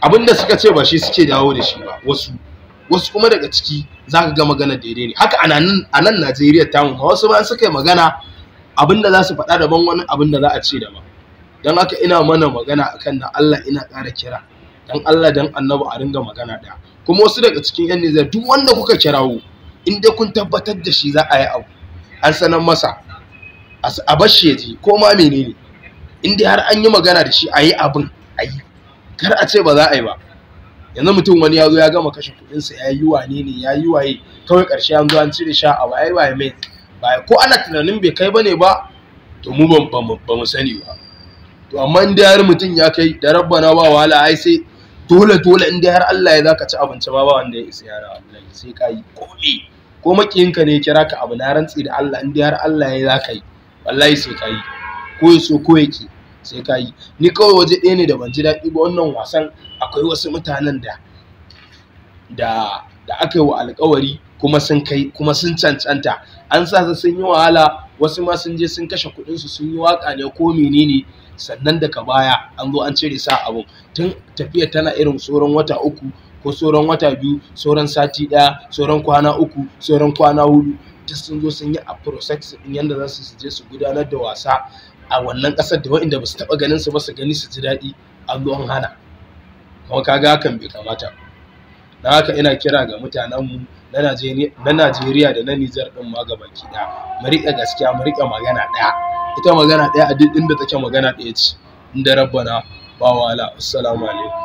abinda suka ce ba shi suke dawo da shi ba wasu wasu kuma daga ciki za ka ga magana daidai ne haka a nan najeriya ta mun wasu ba suka yi magana abinda za su faɗa daban wani abinda za a ce daban don haka ina mana magana kan da allah ina ƙara kira don allah don annabi a ringa magana ɗaya kuma wasu daga cikin yan nijar duk wanda kuka kirawo in dai kun tabbatar da shi za a yi abu an sanar masa a bashi ya ji ko ma menene in dai har an yi magana da shi a yi abin a yi kar a ce ba za a yi ba yanzu mutum wani ya zo ya gama kashe kuɗinsa ya yi wani ne ya yi waye kawai ƙarshe an zo an cire sha a waye waye mai ba ko ana tunanin bai kai bane ba to mu ba mu sani ba to amma in dai har mutum ya kai da rabbana ba wahala ai sai dole dole in dai har Allah ya zaka ci abinci ba ba wanda ya isa yara wallahi sai ka yi kome ko makiyinka ne kira ka abu na rantsi da Allah in dai har Allah ya zaka yi wallahi sai ka yi ko ya so ko ya ke? sai ka yi ni kawai waje ɗaya ne da ban ji daɗi ba wannan wasan akwai wasu mutanen da da da aka yi wa alkawari kuma sun kai kuma sun cancanta an sa su sun yi wahala wasu ma sun je sun kashe kuɗin su sun yi waka ne ko menene sannan daga baya an zo an cire sa abu. tun tafiya tana irin tsoron wata uku ko sauran wata biyu sauran sati ɗaya sauran kwana uku sauran kwana hudu duk sun zo sun yi a process ɗin yadda za su je su gudanar da wasa a wannan ƙasar da waɗanda ba su taɓa ganin su ba su gani su ji daɗi ruwan hana kuma kaga hakan bai kamata na haka ina kira ga mutanenmu na najeriya da na nijar ɗin ma ga baki ɗaya mu riƙe gaskiya mu riƙe magana ɗaya ita magana ɗaya a duk inda take magana ɗaya ce inda rabbana ba wala assalamu alaikum